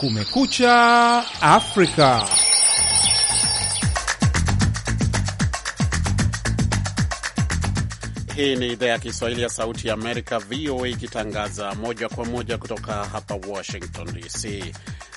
Kumekucha Afrika. Hii ni idhaa ya Kiswahili ya Sauti ya Amerika, VOA, ikitangaza moja kwa moja kutoka hapa Washington DC.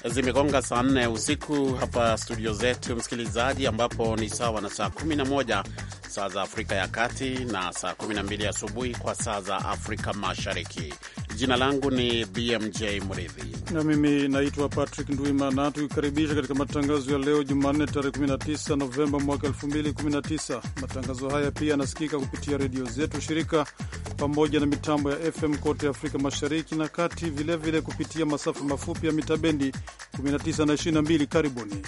Zimegonga saa nne usiku hapa studio zetu, msikilizaji, ambapo ni sawa na saa 11 saa za Afrika ya Kati na saa 12 asubuhi kwa saa za Afrika Mashariki. Jina langu ni BMJ Mridhi na mimi naitwa Patrick Ndwimana, tukikaribisha katika matangazo ya leo Jumanne tarehe 19 Novemba mwaka 2019. Matangazo haya pia yanasikika kupitia redio zetu shirika pamoja na mitambo ya FM kote Afrika Mashariki na Kati, vilevile vile kupitia masafa mafupi ya mitabendi 19 na 22. Karibuni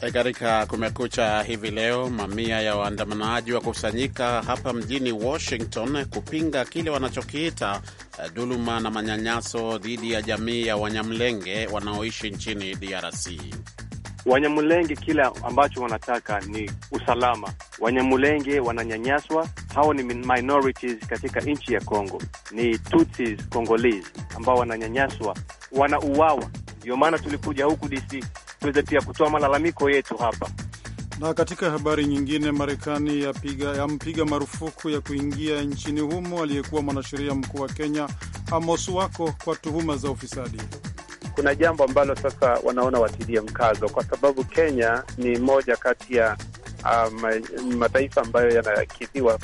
Katika Kumekucha hivi leo, mamia ya waandamanaji wakusanyika hapa mjini Washington kupinga kile wanachokiita eh, dhuluma na manyanyaso dhidi ya jamii ya Wanyamlenge wanaoishi nchini DRC. Wanyamulenge kile ambacho wanataka ni usalama. Wanyamulenge wananyanyaswa, hao ni minorities katika nchi ya Congo, ni Tutsis Congolese ambao wananyanyaswa, wanauawa. Ndio maana tulikuja huku DC tuweze pia kutoa malalamiko yetu hapa. Na katika habari nyingine, Marekani yampiga ya marufuku ya kuingia nchini humo aliyekuwa mwanasheria mkuu wa Kenya Amos Wako kwa tuhuma za ufisadi. Kuna jambo ambalo sasa wanaona watilie mkazo, kwa sababu Kenya ni moja kati ya Ah, mataifa ambayo yanakidhiwa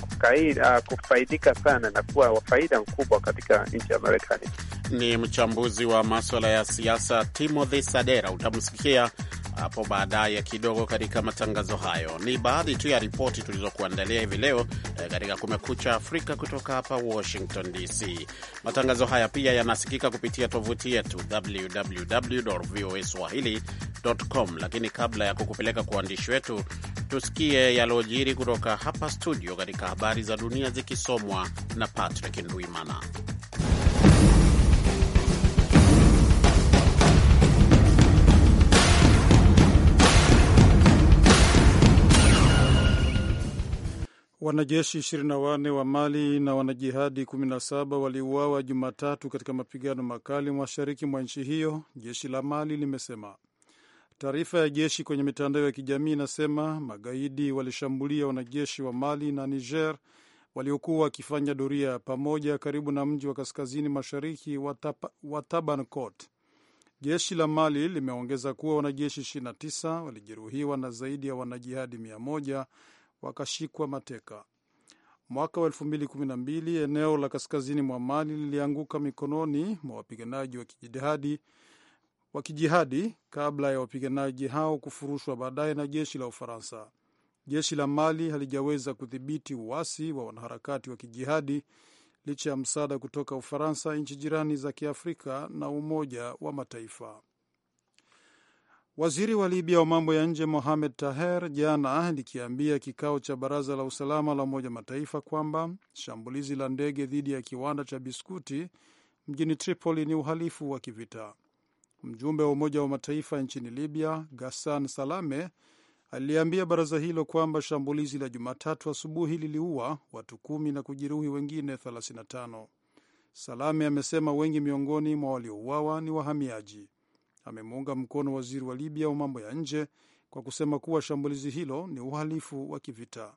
ah, kufaidika sana na kuwa wafaida mkubwa katika nchi ya Marekani. Ni mchambuzi wa maswala ya siasa Timothy Sadera, utamsikia hapo baadaye kidogo katika matangazo hayo. Ni baadhi tu ya ripoti tulizokuandalia hivi leo eh, katika Kumekucha Afrika kutoka hapa Washington DC. Matangazo haya pia yanasikika kupitia tovuti yetu www voa swahili.com. Lakini kabla ya kukupeleka kwa waandishi wetu, tusikie yaliojiri kutoka hapa studio katika habari za dunia zikisomwa na Patrick Ndwimana. Wanajeshi 24 wa Mali na wanajihadi 17 waliuawa Jumatatu katika mapigano makali mashariki mwa nchi hiyo, jeshi la Mali limesema. Taarifa ya jeshi kwenye mitandao ya kijamii inasema magaidi walishambulia wanajeshi wa Mali na Niger waliokuwa wakifanya doria pamoja karibu na mji wa kaskazini mashariki wa Tabankot. Jeshi la Mali limeongeza kuwa wanajeshi 29 walijeruhiwa na zaidi ya wanajihadi wakashikwa mateka. Mwaka wa 2012 eneo la kaskazini mwa Mali lilianguka mikononi mwa wapiganaji wa kijihadi wa kijihadi kabla ya wapiganaji hao kufurushwa baadaye na jeshi la Ufaransa. Jeshi la Mali halijaweza kudhibiti uasi wa wanaharakati wa kijihadi licha ya msaada kutoka Ufaransa, nchi jirani za Kiafrika na Umoja wa Mataifa. Waziri wa Libya wa mambo ya nje Mohamed Taher jana likiambia kikao cha baraza la usalama la Umoja Mataifa kwamba shambulizi la ndege dhidi ya kiwanda cha biskuti mjini Tripoli ni uhalifu wa kivita. Mjumbe wa Umoja wa Mataifa nchini Libya gassan Salame aliambia baraza hilo kwamba shambulizi la Jumatatu asubuhi liliua watu kumi na kujeruhi wengine 35. Salame amesema wengi miongoni mwa waliouawa ni wahamiaji amemuunga mkono waziri wa Libya wa mambo ya nje kwa kusema kuwa shambulizi hilo ni uhalifu wa kivita.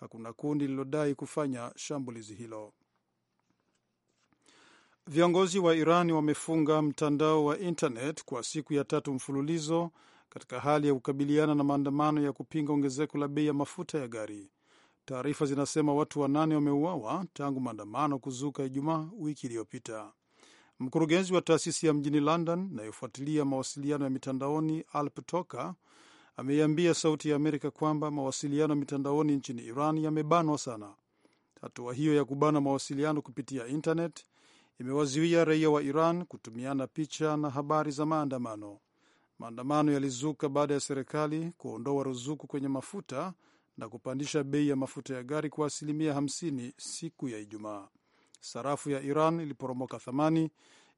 Hakuna kundi lililodai kufanya shambulizi hilo. Viongozi wa Iran wamefunga mtandao wa internet kwa siku ya tatu mfululizo katika hali ya kukabiliana na maandamano ya kupinga ongezeko la bei ya mafuta ya gari. Taarifa zinasema watu wanane wameuawa tangu maandamano kuzuka Ijumaa wiki iliyopita. Mkurugenzi wa taasisi ya mjini London inayofuatilia mawasiliano ya mitandaoni Alp Toka ameiambia Sauti ya Amerika kwamba mawasiliano ya mitandaoni nchini Iran yamebanwa sana. Hatua hiyo ya kubana mawasiliano kupitia internet imewazuia raia wa Iran kutumiana picha na habari za maandamano. Maandamano yalizuka baada ya serikali kuondoa ruzuku kwenye mafuta na kupandisha bei ya mafuta ya gari kwa asilimia 50 siku ya Ijumaa sarafu ya Iran iliporomoka thamani,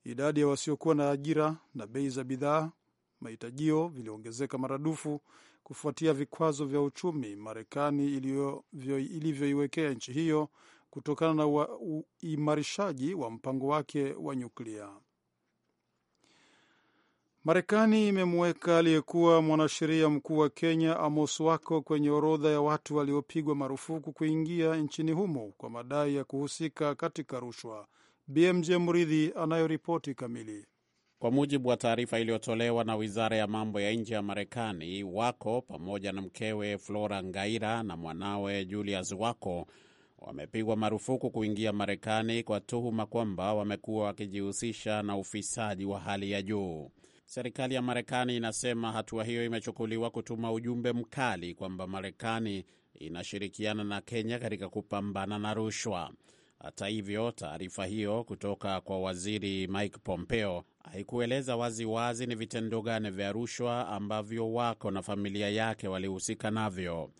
idadi ya wasiokuwa na ajira na bei za bidhaa mahitajio viliongezeka maradufu kufuatia vikwazo vya uchumi Marekani ilivyoiwekea nchi hiyo kutokana na uimarishaji wa mpango wake wa nyuklia. Marekani imemweka aliyekuwa mwanasheria mkuu wa Kenya Amos Wako kwenye orodha ya watu waliopigwa marufuku kuingia nchini humo kwa madai ya kuhusika katika rushwa. BMJ Mridhi anayoripoti kamili. Kwa mujibu wa taarifa iliyotolewa na wizara ya mambo ya nje ya Marekani, Wako pamoja na mkewe Flora Ngaira na mwanawe Julius Wako wamepigwa marufuku kuingia Marekani kwa tuhuma kwamba wamekuwa wakijihusisha na ufisadi wa hali ya juu. Serikali ya Marekani inasema hatua hiyo imechukuliwa kutuma ujumbe mkali kwamba Marekani inashirikiana na Kenya katika kupambana na rushwa. Hata hivyo, taarifa hiyo kutoka kwa waziri Mike Pompeo haikueleza waziwazi ni vitendo gani vya rushwa ambavyo Wako na familia yake walihusika navyo.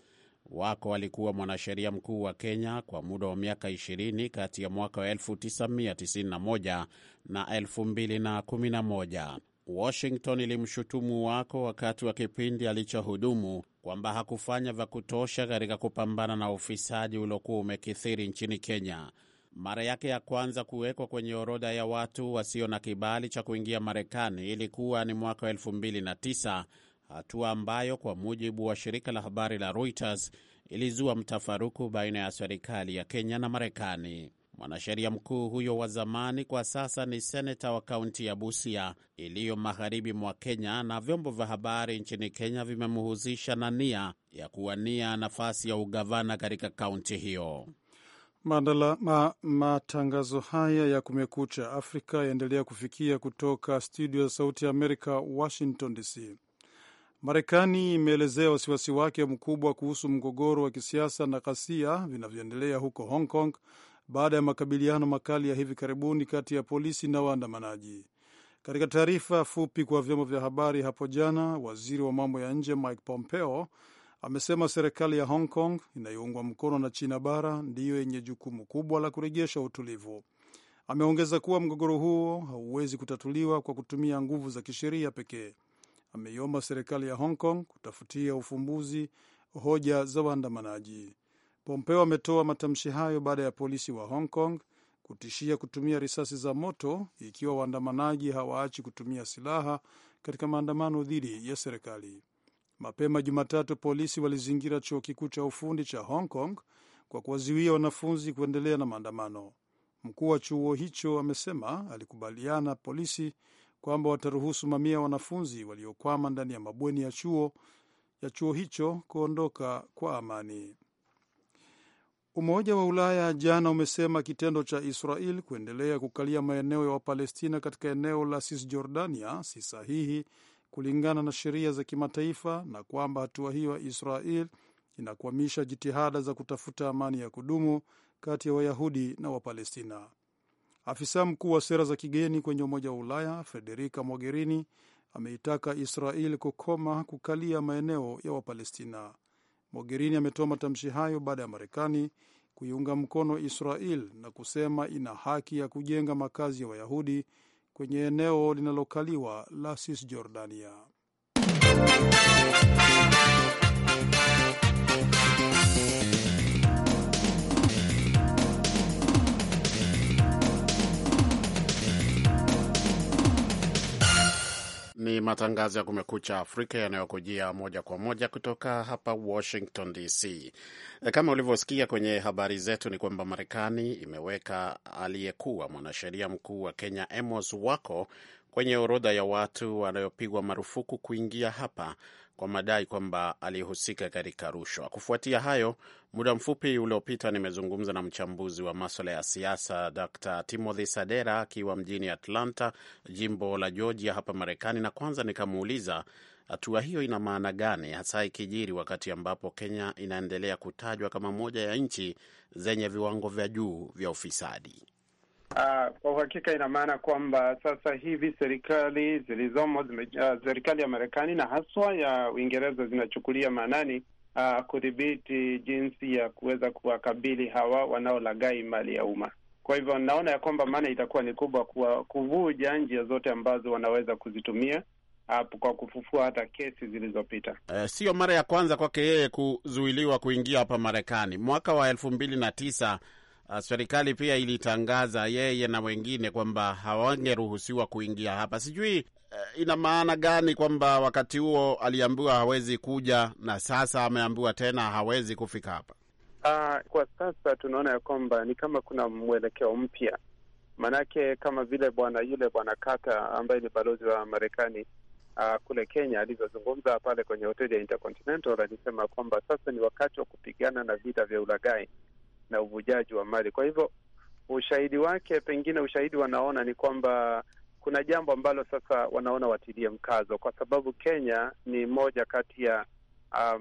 Wako alikuwa mwanasheria mkuu wa Kenya kwa muda wa miaka 20 kati ya mwaka wa 1991 na 2011. Washington ilimshutumu Wako wakati wa kipindi alichohudumu kwamba hakufanya vya kutosha katika kupambana na ufisadi uliokuwa umekithiri nchini Kenya. Mara yake ya kwanza kuwekwa kwenye orodha ya watu wasio na kibali cha kuingia Marekani ilikuwa ni mwaka 2009, hatua ambayo kwa mujibu wa shirika la habari la Reuters ilizua mtafaruku baina ya serikali ya Kenya na Marekani. Mwanasheria mkuu huyo wa zamani kwa sasa ni seneta wa kaunti ya Busia iliyo magharibi mwa Kenya, na vyombo vya habari nchini Kenya vimemhusisha na nia ya kuwania nafasi ya ugavana katika kaunti hiyo. Madala, ma, matangazo haya ya Kumekucha Afrika yaendelea kufikia kutoka studio za Sauti ya Amerika, Washington DC. Marekani imeelezea wasiwasi wake mkubwa kuhusu mgogoro wa kisiasa na ghasia vinavyoendelea huko Hong Kong baada ya makabiliano makali ya hivi karibuni kati ya polisi na waandamanaji. Katika taarifa fupi kwa vyombo vya habari hapo jana, waziri wa mambo ya nje Mike Pompeo amesema serikali ya Hong Kong inayoungwa mkono na China bara ndiyo yenye jukumu kubwa la kurejesha utulivu. Ameongeza kuwa mgogoro huo hauwezi kutatuliwa kwa kutumia nguvu za kisheria pekee. Ameiomba serikali ya Hong Kong kutafutia ufumbuzi hoja za waandamanaji. Pompeo ametoa matamshi hayo baada ya polisi wa Hong Kong kutishia kutumia risasi za moto ikiwa waandamanaji hawaachi kutumia silaha katika maandamano dhidi ya serikali. Mapema Jumatatu, polisi walizingira chuo kikuu cha ufundi cha Hong Kong kwa kuwazuia wanafunzi kuendelea na maandamano. Mkuu wa chuo hicho amesema alikubaliana polisi kwamba wataruhusu mamia ya wanafunzi waliokwama ndani ya mabweni ya chuo ya chuo hicho kuondoka kwa amani. Umoja wa Ulaya jana umesema kitendo cha Israel kuendelea kukalia maeneo ya Wapalestina katika eneo la Cisjordania si sahihi kulingana na sheria za kimataifa na kwamba hatua hiyo ya Israel inakwamisha jitihada za kutafuta amani ya kudumu kati ya Wayahudi na Wapalestina. Afisa mkuu wa sera za kigeni kwenye Umoja wa Ulaya Federica Mogherini ameitaka Israel kukoma kukalia maeneo ya Wapalestina. Mogherini ametoa matamshi hayo baada ya Marekani kuiunga mkono Israel na kusema ina haki ya kujenga makazi ya Wayahudi kwenye eneo linalokaliwa la Cisjordania. Ni matangazo ya Kumekucha Afrika yanayokujia moja kwa moja kutoka hapa Washington DC. E, kama ulivyosikia kwenye habari zetu, ni kwamba Marekani imeweka aliyekuwa mwanasheria mkuu wa Kenya Amos Wako kwenye orodha ya watu wanayopigwa marufuku kuingia hapa kwa madai kwamba alihusika katika rushwa. Kufuatia hayo, muda mfupi uliopita nimezungumza na mchambuzi wa maswala ya siasa Dr Timothy Sadera akiwa mjini Atlanta, jimbo la Georgia hapa Marekani, na kwanza nikamuuliza hatua hiyo ina maana gani hasa ikijiri wakati ambapo Kenya inaendelea kutajwa kama moja ya nchi zenye viwango vya juu vya ufisadi. Uh, kwa uhakika ina maana kwamba sasa hivi serikali zilizomo zime, uh, serikali ya Marekani na haswa ya Uingereza zinachukulia maanani uh, kudhibiti jinsi ya kuweza kuwakabili hawa wanaolagai mali ya umma. Kwa hivyo naona ya kwamba maana itakuwa ni kubwa kuwa kuvuja njia zote ambazo wanaweza kuzitumia kwa kufufua hata kesi zilizopita. E, eh, siyo mara ya kwanza kwake yeye kuzuiliwa kuingia hapa Marekani. Mwaka wa elfu mbili na tisa Ah, serikali pia ilitangaza yeye na wengine kwamba hawangeruhusiwa kuingia hapa. Sijui eh, ina maana gani kwamba wakati huo aliambiwa hawezi kuja na sasa ameambiwa tena hawezi kufika hapa. Uh, kwa sasa tunaona ya kwamba ni kama kuna mwelekeo mpya, maanake kama vile bwana yule bwana Kata ambaye ni balozi wa Marekani uh, kule Kenya alivyozungumza pale kwenye hoteli ya Intercontinental alisema kwamba sasa ni wakati wa kupigana na vita vya ulaghai na uvujaji wa mali. Kwa hivyo ushahidi wake, pengine ushahidi wanaona ni kwamba kuna jambo ambalo sasa wanaona watilie mkazo, kwa sababu Kenya ni moja kati ya uh,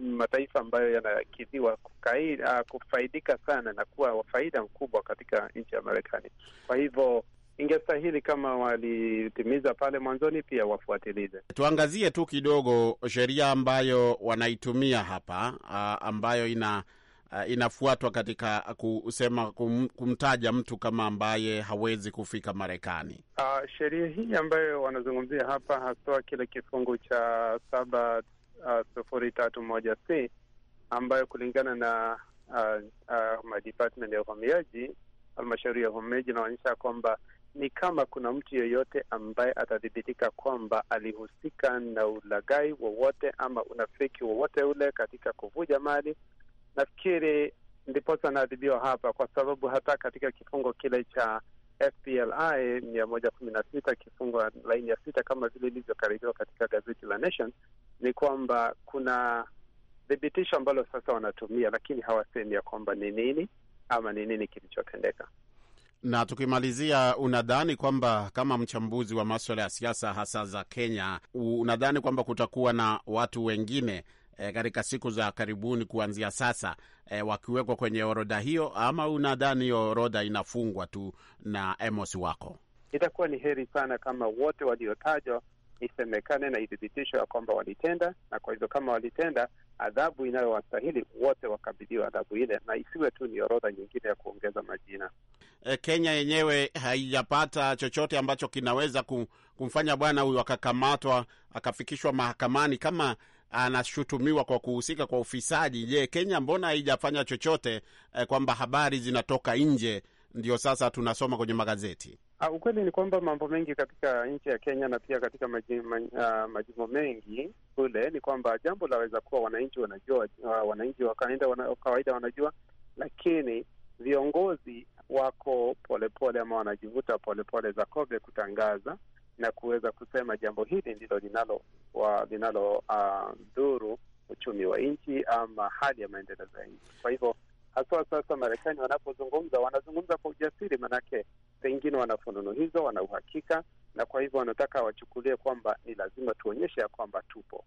mataifa ambayo yanakidhiwa uh, kufaidika sana na kuwa wafaida mkubwa katika nchi ya Marekani. Kwa hivyo ingestahili kama walitimiza pale mwanzoni, pia wafuatilize. Tuangazie tu kidogo sheria ambayo wanaitumia hapa, uh, ambayo ina uh, inafuatwa katika kusema kum, kumtaja mtu kama ambaye hawezi kufika Marekani. Uh, sheria hii ambayo wanazungumzia hapa haswa kile kifungu cha saba uh, sufuri tatu moja c ambayo kulingana na uh, ah, uh, madepartment ya uhamiaji, halmashauri ya uhamiaji inaonyesha kwamba ni kama kuna mtu yeyote ambaye atathibitika kwamba alihusika na ulaghai wowote ama unafiki wowote ule katika kuvuja mali nafikiri ndiposa anaadhibiwa hapa, kwa sababu hata katika kifungo kile cha FPLI mia moja kumi na sita kifungo laini ya sita kama vile ilivyokaribiwa katika gazeti la Nation ni kwamba kuna thibitisho ambalo sasa wanatumia, lakini hawasemi ya kwamba ni nini ama ni nini kilichotendeka. Na tukimalizia, unadhani kwamba kama mchambuzi wa maswala ya siasa hasa za Kenya, unadhani kwamba kutakuwa na watu wengine e, katika siku za karibuni kuanzia sasa e, wakiwekwa kwenye orodha hiyo, ama unadhani hiyo orodha inafungwa tu na Amos wako? Itakuwa ni heri sana kama wote waliotajwa isemekane na ithibitisho ya kwamba walitenda, na kwa hivyo kama walitenda, adhabu inayowastahili wote wakabidhiwa adhabu ile, na isiwe tu ni orodha nyingine ya kuongeza majina. Eh, Kenya yenyewe haijapata chochote ambacho kinaweza kumfanya bwana huyu akakamatwa akafikishwa mahakamani kama anashutumiwa kwa kuhusika kwa ufisadi. Je, Kenya mbona haijafanya chochote eh, kwamba habari zinatoka nje ndio sasa tunasoma kwenye magazeti? Uh, ukweli ni kwamba mambo mengi katika nchi ya Kenya na pia katika ah, majimbo, uh, mengi kule ni kwamba jambo laweza kuwa wananchi wanajua, uh, wananchi wa kawaida wanajua, lakini viongozi wako polepole pole, ama wanajivuta polepole za kobe kutangaza na kuweza kusema jambo hili ndilo linalo ah, dhuru uh, uchumi wa nchi ama hali ya maendeleo ya nchi. Kwa hivyo haswa sasa Marekani wanapozungumza wanazungumza kwa ujasiri, manake pengine wana fununu hizo, wana uhakika na kwa hivyo wanataka wachukulie kwamba ni lazima tuonyeshe ya kwamba tupo.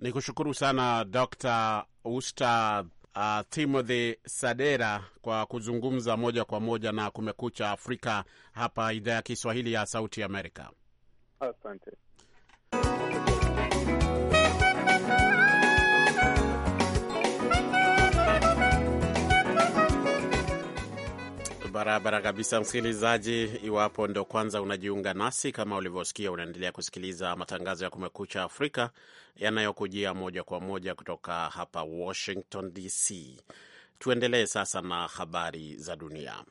Ni kushukuru sana Dr. Usta uh, Timothy Sadera kwa kuzungumza moja kwa moja na Kumekucha Afrika hapa idhaa ya Kiswahili ya Sauti Amerika. Asante. Barabara kabisa, msikilizaji. Iwapo ndo kwanza unajiunga nasi, kama ulivyosikia, unaendelea kusikiliza matangazo ya Kumekucha Afrika yanayokujia moja kwa moja kutoka hapa Washington DC. Tuendelee sasa na habari za dunia.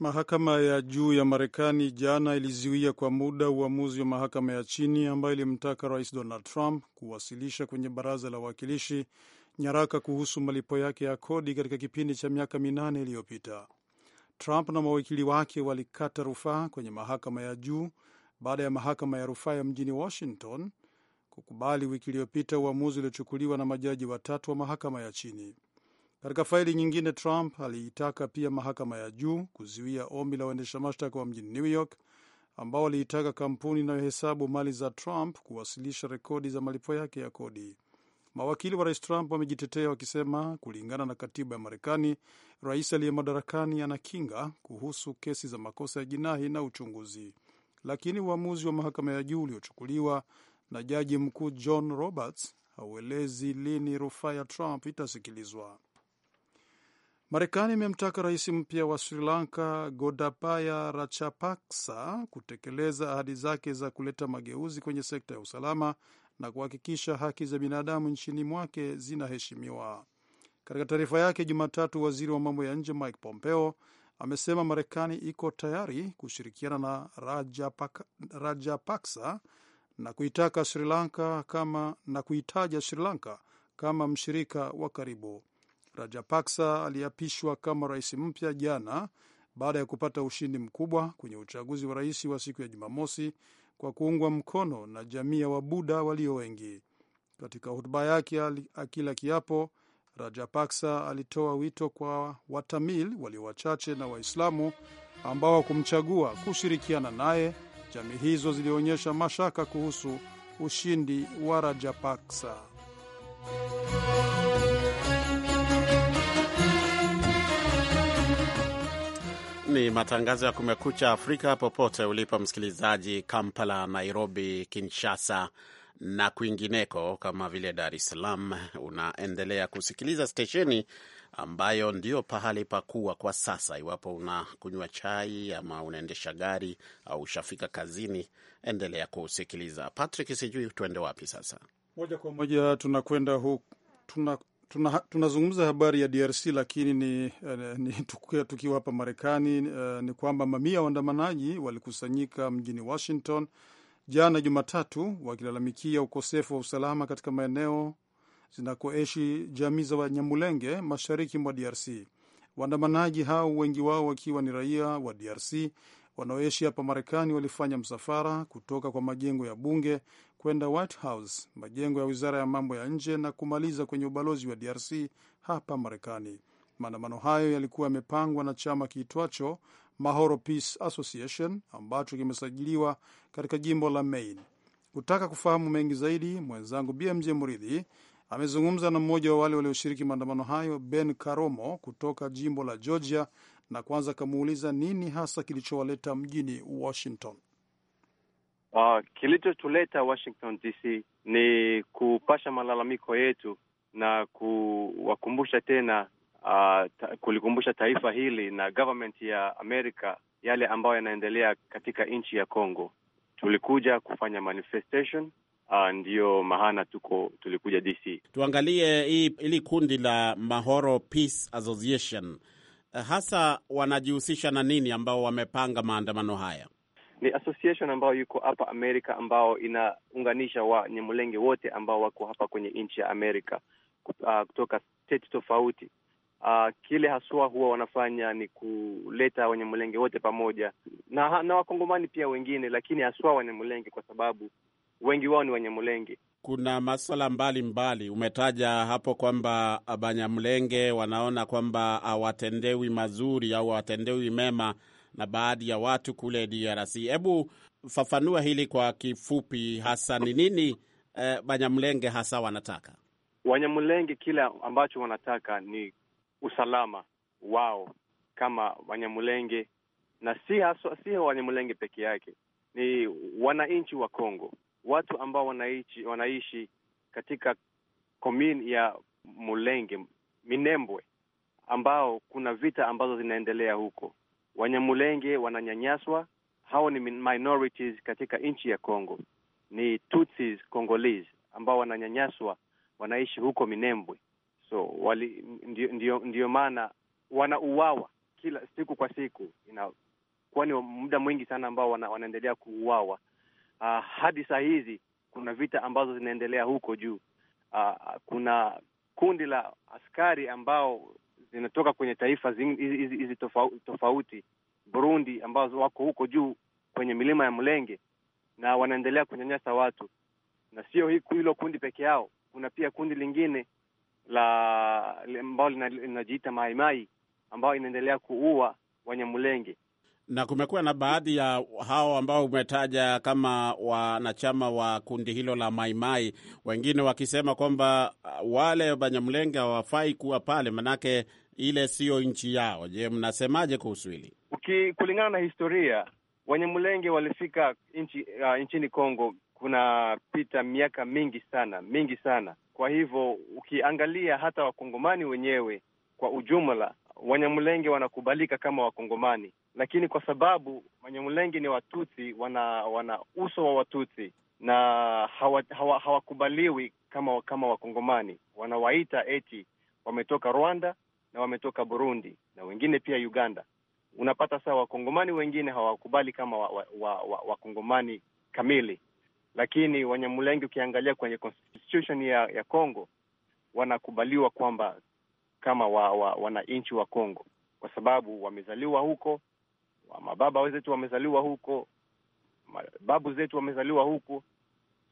Mahakama ya juu ya Marekani jana ilizuia kwa muda uamuzi wa mahakama ya chini ambayo ilimtaka Rais Donald Trump kuwasilisha kwenye baraza la wawakilishi nyaraka kuhusu malipo yake ya kodi katika kipindi cha miaka minane iliyopita. Trump na mawakili wake walikata rufaa kwenye mahakama ya juu baada ya mahakama ya rufaa ya mjini Washington kukubali wiki iliyopita uamuzi uliochukuliwa na majaji watatu wa mahakama ya chini. Katika faili nyingine, Trump aliitaka pia mahakama ya juu kuzuia ombi la waendesha mashtaka wa mjini New York ambao waliitaka kampuni inayohesabu mali za Trump kuwasilisha rekodi za malipo yake ya kodi. Mawakili wa rais Trump wamejitetea wakisema, kulingana na katiba ya Marekani, rais aliye madarakani ana kinga kuhusu kesi za makosa ya jinai na uchunguzi. Lakini uamuzi wa mahakama ya juu uliochukuliwa na jaji mkuu John Roberts hauelezi lini rufaa ya Trump itasikilizwa. Marekani imemtaka rais mpya wa Sri Lanka godapaya Rajapaksa kutekeleza ahadi zake za kuleta mageuzi kwenye sekta ya usalama na kuhakikisha haki za binadamu nchini mwake zinaheshimiwa. Katika taarifa yake Jumatatu, waziri wa mambo ya nje Mike Pompeo amesema Marekani iko tayari kushirikiana na Rajapaksa na kuitaka Sri Lanka kama na kuitaja Sri Lanka kama mshirika wa karibu. Rajapaksa aliapishwa kama rais mpya jana baada ya kupata ushindi mkubwa kwenye uchaguzi wa rais wa siku ya Jumamosi kwa kuungwa mkono na jamii ya Wabuda walio wengi. Katika hotuba yake akila kiapo, Rajapaksa alitoa wito kwa Watamil walio wachache na Waislamu ambao wakumchagua kushirikiana naye. Jamii hizo zilionyesha mashaka kuhusu ushindi wa Rajapaksa. ni matangazo ya Kumekucha Afrika popote ulipo msikilizaji, Kampala, Nairobi, Kinshasa na kwingineko kama vile Dar es Salaam. Unaendelea kusikiliza stesheni ambayo ndio pahali pakuwa kwa sasa. Iwapo unakunywa chai ama unaendesha gari au ushafika kazini, endelea kusikiliza. Patrick, sijui tuende wapi sasa? Moja kwa moja tunakwenda huku tuna tuna, tunazungumza habari ya DRC lakini ni, eh, ni tukiwa hapa Marekani uh, ni kwamba mamia waandamanaji walikusanyika mjini Washington jana Jumatatu wakilalamikia ukosefu wa usalama katika maeneo zinakoishi jamii za Wanyamulenge mashariki mwa DRC. Waandamanaji hao wengi wao wakiwa ni raia wa DRC wanaoishi hapa Marekani walifanya msafara kutoka kwa majengo ya bunge kwenda White House, majengo ya wizara ya mambo ya nje na kumaliza kwenye ubalozi wa DRC hapa Marekani. Maandamano hayo yalikuwa yamepangwa na chama kiitwacho Mahoro Peace Association ambacho kimesajiliwa katika jimbo la Maine. Kutaka kufahamu mengi zaidi, mwenzangu BMJ Muridhi amezungumza na mmoja wa wale walioshiriki maandamano hayo, Ben Karomo kutoka jimbo la Georgia na kwanza akamuuliza nini hasa kilichowaleta mjini Washington. Uh, kilichotuleta Washington DC ni kupasha malalamiko yetu na kuwakumbusha tena uh, ta, kulikumbusha taifa hili na government ya Amerika yale ambayo yanaendelea katika nchi ya Congo. Tulikuja kufanya manifestation uh, ndiyo maana tuko tulikuja DC. Tuangalie hii ili kundi la Mahoro Peace Association Eh, hasa wanajihusisha na nini ambao wamepanga maandamano haya? Ni association ambayo yuko hapa Amerika, ambao inaunganisha Wanyamulenge wote ambao wako hapa kwenye nchi ya Amerika ah, kutoka state tofauti. Uh, kile haswa huwa wanafanya ni kuleta Wanyamulenge wote pamoja na, na Wakongomani pia wengine, lakini haswa Wanyamulenge kwa sababu wengi wao ni Wanyamulenge kuna maswala mbalimbali umetaja hapo kwamba banyamlenge wanaona kwamba hawatendewi mazuri au hawatendewi mema na baadhi ya watu kule DRC. Hebu fafanua hili kwa kifupi, hasa ni nini eh, Banyamlenge hasa wanataka? wanyamlenge kile ambacho wanataka ni usalama wao kama wanyamlenge na si haswa, si Wanyamlenge peke yake, ni wananchi wa Kongo watu ambao wanaishi, wanaishi katika komini ya Mulenge Minembwe, ambao kuna vita ambazo zinaendelea huko. Wanyamulenge wananyanyaswa, hao ni minorities katika nchi ya Congo, ni Tutsis Congolese ambao wananyanyaswa, wanaishi huko Minembwe. So wali, ndio, ndio, ndio maana wanauawa kila siku kwa siku, inakuwa ni muda mwingi sana ambao wana, wanaendelea kuuawa uh, hadi saa hizi kuna vita ambazo zinaendelea huko juu. Uh, kuna kundi la askari ambao zinatoka kwenye taifa hizi tofauti, Burundi, ambazo wako huko juu kwenye milima ya Mlenge na wanaendelea kunyanyasa watu, na sio hilo kundi peke yao. Kuna pia kundi lingine la ambao linajiita Maimai ambao inaendelea kuua Wanyamulenge. Na kumekuwa na baadhi ya hao ambao umetaja kama wanachama wa kundi hilo la Maimai mai, wengine wakisema kwamba uh, wale Banyamulenge hawafai kuwa pale, manake ile siyo nchi yao. Je, mnasemaje kuhusu hili? Kulingana na historia, Wanyamulenge walifika nchi, uh, nchini Kongo kuna pita miaka mingi sana mingi sana. Kwa hivyo ukiangalia hata wakongomani wenyewe kwa ujumla Wanyamulenge wanakubalika kama Wakongomani, lakini kwa sababu Wanyamulenge ni Watutsi, wana wana uso wa Watutsi na hawakubaliwi hawa, hawa kama kama Wakongomani. Wanawaita eti wametoka Rwanda na wametoka Burundi na wengine pia Uganda. Unapata saa Wakongomani wengine hawakubali kama Wakongomani wa, wa, wa kamili, lakini Wanyamulenge ukiangalia kwenye constitution ya ya Congo wanakubaliwa kwamba kama wananchi wa, wananchi wa Kongo kwa sababu wamezaliwa huko, wa mababa zetu wamezaliwa huko, babu zetu wamezaliwa huko,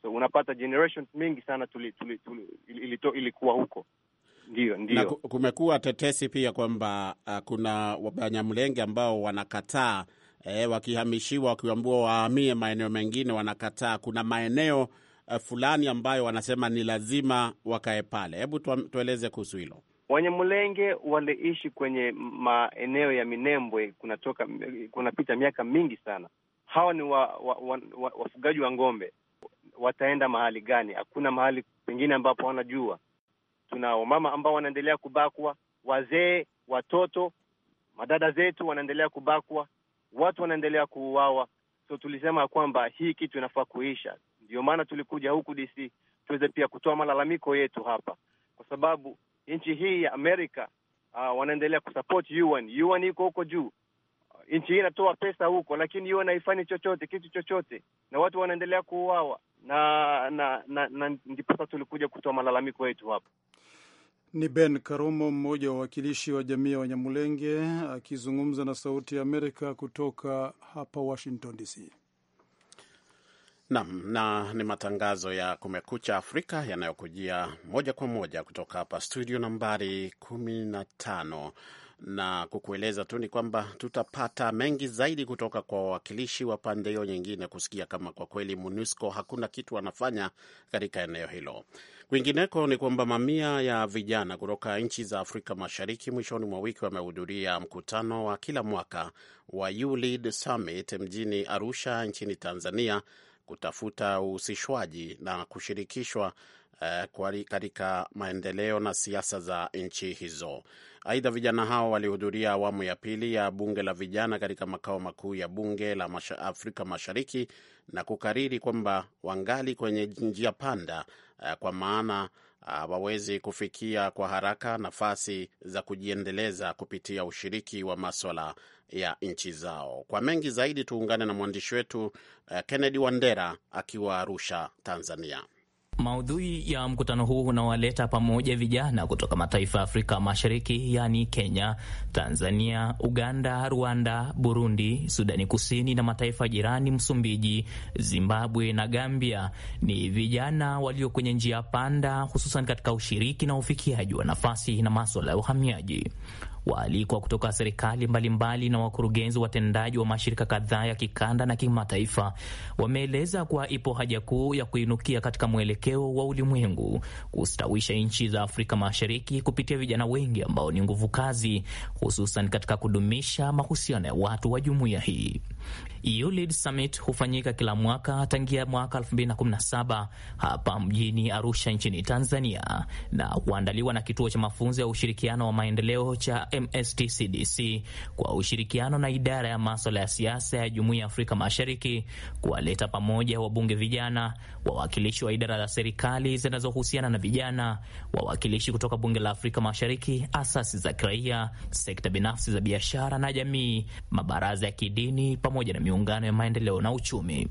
so unapata generations mingi sana tuli, tuli, tuli, ilito, ilikuwa huko. ndio, ndio. Na kumekuwa tetesi pia kwamba uh, kuna Wabanyamulenge ambao wanakataa eh, wakihamishiwa, wakiambiwa wahamie maeneo mengine wanakataa. Kuna maeneo uh, fulani ambayo wanasema ni lazima wakae pale. Hebu tueleze kuhusu hilo. Wanyamulenge waliishi kwenye maeneo ya Minembwe, kunatoka kunapita miaka mingi sana. Hawa ni wafugaji wa, wa, wa, wa ng'ombe. Wataenda mahali gani? Hakuna mahali pengine ambapo wanajua. Tuna wamama ambao wanaendelea kubakwa, wazee, watoto, madada zetu wanaendelea kubakwa, watu wanaendelea kuuawa. So tulisema ya kwamba hii kitu inafaa kuisha. Ndio maana tulikuja huku DC tuweze pia kutoa malalamiko yetu hapa, kwa sababu nchi hii ya Amerika uh, wanaendelea kusupport UN. UN iko huko juu, uh, nchi hii inatoa pesa huko, lakini UN haifanyi chochote, kitu chochote, na watu wanaendelea kuuawa na na, na, na ndiposa tulikuja kutoa malalamiko yetu hapa. Ni Ben Karomo, mmoja wa wawakilishi wa jamii ya Wanyamulenge akizungumza na Sauti ya Amerika kutoka hapa Washington DC. Nam na ni matangazo ya Kumekucha Afrika yanayokujia moja kwa moja kutoka hapa studio nambari 15 na kukueleza tu ni kwamba tutapata mengi zaidi kutoka kwa wawakilishi wa pande hiyo nyingine kusikia kama kwa kweli MONUSCO hakuna kitu anafanya katika eneo hilo. Kwingineko ni kwamba mamia ya vijana kutoka nchi za Afrika Mashariki mwishoni mwa wiki wamehudhuria mkutano wa kila mwaka wa ULEAD Summit mjini Arusha nchini Tanzania kutafuta uhusishwaji na kushirikishwa uh, katika maendeleo na siasa za nchi hizo. Aidha, vijana hao walihudhuria awamu ya pili ya bunge la vijana katika makao makuu ya bunge la masha Afrika Mashariki na kukariri kwamba wangali kwenye njia panda, uh, kwa maana hawawezi ah, kufikia kwa haraka nafasi za kujiendeleza kupitia ushiriki wa maswala ya nchi zao. Kwa mengi zaidi, tuungane na mwandishi wetu eh, Kennedy Wandera akiwa Arusha, Tanzania. Maudhui ya mkutano huu unawaleta pamoja vijana kutoka mataifa ya Afrika Mashariki, yaani Kenya, Tanzania, Uganda, Rwanda, Burundi, Sudani Kusini na mataifa jirani Msumbiji, Zimbabwe na Gambia. Ni vijana walio kwenye njia panda, hususan katika ushiriki na ufikiaji wa nafasi na maswala ya uhamiaji waalikwa kutoka serikali mbalimbali na wakurugenzi watendaji wa mashirika kadhaa ya kikanda na kimataifa wameeleza kuwa ipo haja kuu ya kuinukia katika mwelekeo wa ulimwengu kustawisha nchi za Afrika Mashariki kupitia vijana wengi ambao ni nguvu kazi, hususan katika kudumisha mahusiano ya watu wa jumuiya hii. EULID Summit hufanyika kila mwaka tangia mwaka 2017 hapa mjini Arusha nchini Tanzania na huandaliwa na kituo cha mafunzo ya ushirikiano wa maendeleo cha MSTCDC kwa ushirikiano na idara ya maswala ya siasa ya Jumuiya ya Afrika Mashariki kuwaleta pamoja wabunge vijana, wawakilishi wa idara za serikali zinazohusiana na vijana, wawakilishi kutoka bunge la Afrika Mashariki, asasi za kiraia, sekta binafsi za biashara na jamii, mabaraza ya kidini pamoja na miungano ya maendeleo na uchumi.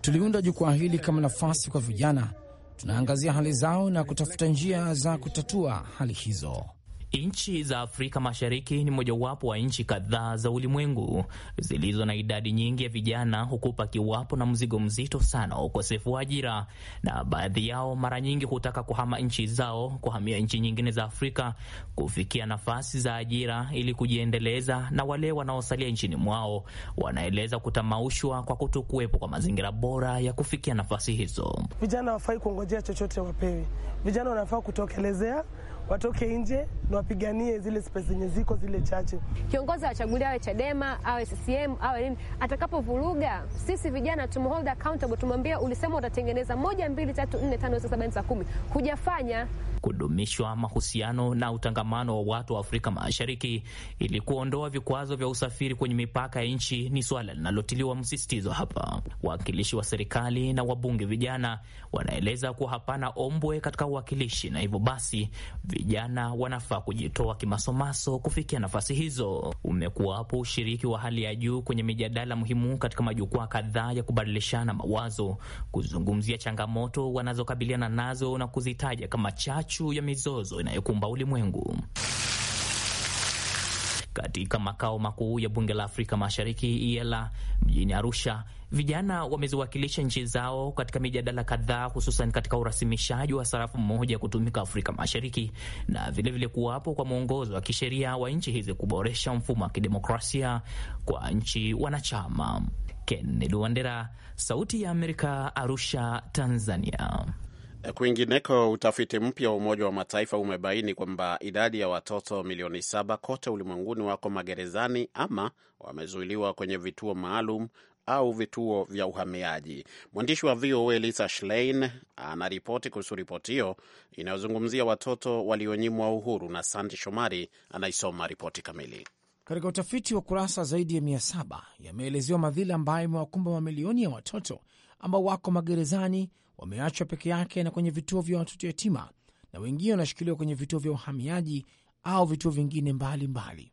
Tuliunda jukwaa hili kama nafasi kwa vijana, tunaangazia hali zao na kutafuta njia za kutatua hali hizo. Nchi za Afrika Mashariki ni mojawapo wa nchi kadhaa za ulimwengu zilizo na idadi nyingi ya vijana, huku pakiwapo na mzigo mzito sana wa ukosefu wa ajira, na baadhi yao mara nyingi hutaka kuhama nchi zao kuhamia nchi nyingine za Afrika kufikia nafasi za ajira ili kujiendeleza, na wale wanaosalia nchini mwao wanaeleza kutamaushwa kwa kutokuwepo kwa mazingira bora ya kufikia nafasi hizo. Vijana hawafai kuongojea chochote wapewe. Vijana wanafaa kutokelezea, watoke nje na wapiganie zile space zenye ziko zile chache. Kiongozi awachaguli awe Chadema awe CCM awe nini, atakapovuruga sisi vijana tumhold accountable, tumwambia ulisema utatengeneza moja, mbili, tatu, nne, tano, sita, saba, kumi, hujafanya. Kudumishwa mahusiano na utangamano wa watu wa Afrika Mashariki ili kuondoa vikwazo vya usafiri kwenye mipaka ya nchi ni suala linalotiliwa msisitizo hapa. Wawakilishi wa serikali na wabunge vijana wanaeleza kuwa hapana ombwe katika uwakilishi, na hivyo basi vijana wanafaa kujitoa kimasomaso kufikia nafasi hizo. Umekuwapo ushiriki wa hali ya juu kwenye mijadala muhimu katika majukwaa kadhaa ya kubadilishana mawazo, kuzungumzia changamoto wanazokabiliana nazo na kuzitaja kama chachu ya mizozo inayokumba ulimwengu katika makao makuu ya bunge la Afrika Mashariki iela mjini Arusha, vijana wameziwakilisha nchi zao katika mijadala kadhaa, hususan katika urasimishaji wa sarafu moja kutumika Afrika Mashariki na vilevile kuwapo kwa mwongozo wa kisheria wa nchi hizi kuboresha mfumo wa kidemokrasia kwa nchi wanachama. Kennedy Wandera, Sauti ya Amerika, Arusha, Tanzania. Kwingineko, utafiti mpya wa Umoja wa Mataifa umebaini kwamba idadi ya watoto milioni saba kote ulimwenguni wako magerezani ama wamezuiliwa kwenye vituo maalum au vituo vya uhamiaji. Mwandishi wa VOA Lisa Schlein anaripoti kuhusu ripoti hiyo inayozungumzia watoto walionyimwa uhuru, na Santi Shomari anaisoma ripoti kamili. Katika utafiti wa kurasa zaidi ya mia saba yameelezewa madhila ambayo imewakumba mamilioni ya watoto ambao wako magerezani wameachwa peke yake na kwenye vituo vya watoto yatima, na wengine wanashikiliwa kwenye vituo vya uhamiaji au vituo vingine mbalimbali.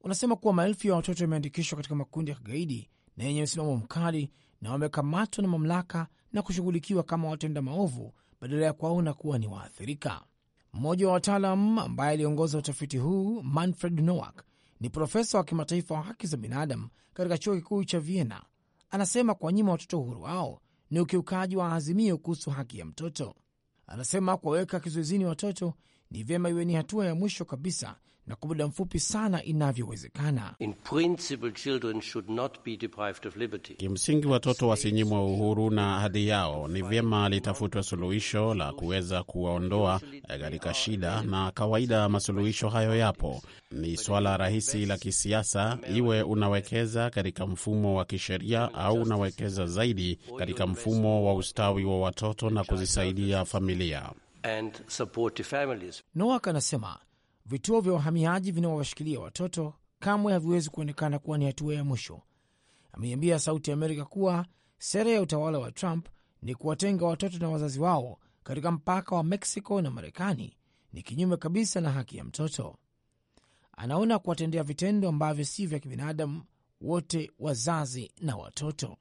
Unasema kuwa maelfu ya watoto wameandikishwa katika makundi ya kigaidi na yenye msimamo mkali na wamekamatwa na mamlaka na kushughulikiwa kama watenda maovu badala ya kuwaona kuwa ni waathirika. Mmoja wa wataalam ambaye aliongoza utafiti huu Manfred Nowak ni profesa wa kimataifa wa haki za binadamu katika chuo kikuu cha Vienna. Anasema kuwanyima watoto uhuru wao ni ukiukaji wa azimio kuhusu haki ya mtoto. Anasema kuwaweka kizuizini watoto ni vyema iwe ni hatua ya mwisho kabisa na kwa muda mfupi sana inavyowezekana. Kimsingi, watoto wasinyimwe uhuru na hadhi yao. Ni vyema litafutwa suluhisho la kuweza kuwaondoa eh, katika shida, na kawaida masuluhisho hayo yapo. Ni swala rahisi la kisiasa, iwe unawekeza katika mfumo wa kisheria au unawekeza zaidi katika mfumo wa ustawi wa watoto na kuzisaidia familia. Noak anasema vituo vya wahamiaji vinavyowashikilia watoto kamwe haviwezi kuonekana kuwa ni hatua ya mwisho. Ameiambia Sauti ya Amerika kuwa sera ya utawala wa Trump ni kuwatenga watoto na wazazi wao katika mpaka wa Meksiko na Marekani ni kinyume kabisa na haki ya mtoto. Anaona kuwatendea vitendo ambavyo si vya kibinadamu wote wazazi na watoto.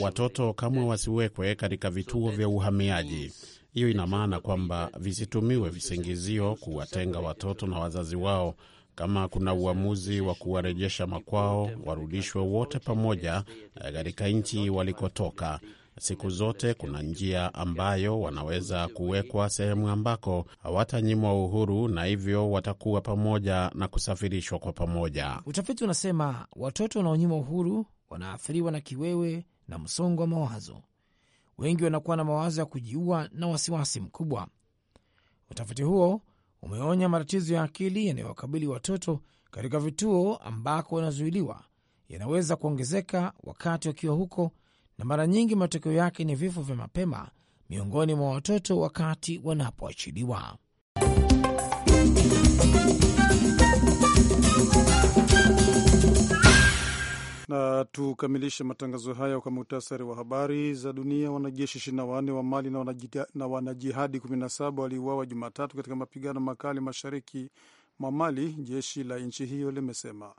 Watoto kamwe wasiwekwe katika vituo vya uhamiaji. Hiyo ina maana kwamba visitumiwe visingizio kuwatenga watoto na wazazi wao. Kama kuna uamuzi wa kuwarejesha makwao, warudishwe wote pamoja eh, katika nchi walikotoka. Siku zote kuna njia ambayo wanaweza kuwekwa sehemu ambako hawatanyimwa uhuru na hivyo watakuwa pamoja na kusafirishwa kwa pamoja. Utafiti unasema watoto wanaonyimwa uhuru wanaathiriwa na kiwewe na msongo wa mawazo, wengi wanakuwa na mawazo ya kujiua na wasiwasi mkubwa. Utafiti huo umeonya matatizo ya akili yanayowakabili watoto katika vituo ambako wanazuiliwa yanaweza kuongezeka wakati wakiwa huko, na mara nyingi matokeo yake ni vifo vya mapema miongoni mwa watoto wakati wanapoachiliwa. Na tukamilishe matangazo haya kwa muhtasari wa habari za dunia. Wanajeshi ishirini na wanne wa Mali na wanajihadi kumi na saba waliuawa Jumatatu katika mapigano makali mashariki mwa Mali, jeshi la nchi hiyo limesema.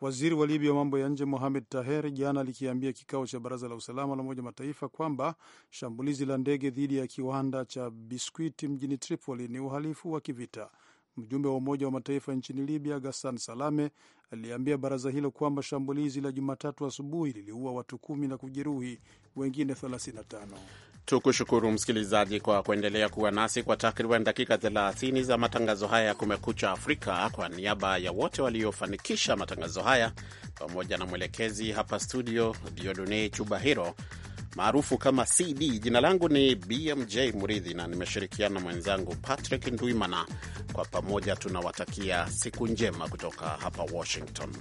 Waziri wa Libya wa mambo ya nje Mohamed Taher jana alikiambia kikao cha baraza la usalama la Umoja Mataifa kwamba shambulizi la ndege dhidi ya kiwanda cha biskuiti mjini Tripoli ni uhalifu wa kivita. Mjumbe wa Umoja wa Mataifa nchini Libya, Ghassan Salame, aliambia baraza hilo kwamba shambulizi la Jumatatu asubuhi wa liliua watu kumi na kujeruhi wengine 35. Tukushukuru msikilizaji kwa kuendelea kuwa nasi kwa takriban dakika 30 za matangazo haya ya Kumekucha Afrika. Kwa niaba ya wote waliofanikisha matangazo haya pamoja na mwelekezi hapa studio Diodone Chubahiro, maarufu kama CD. Jina langu ni BMJ Muridhi na nimeshirikiana mwenzangu Patrick Ndwimana. Kwa pamoja tunawatakia siku njema kutoka hapa Washington.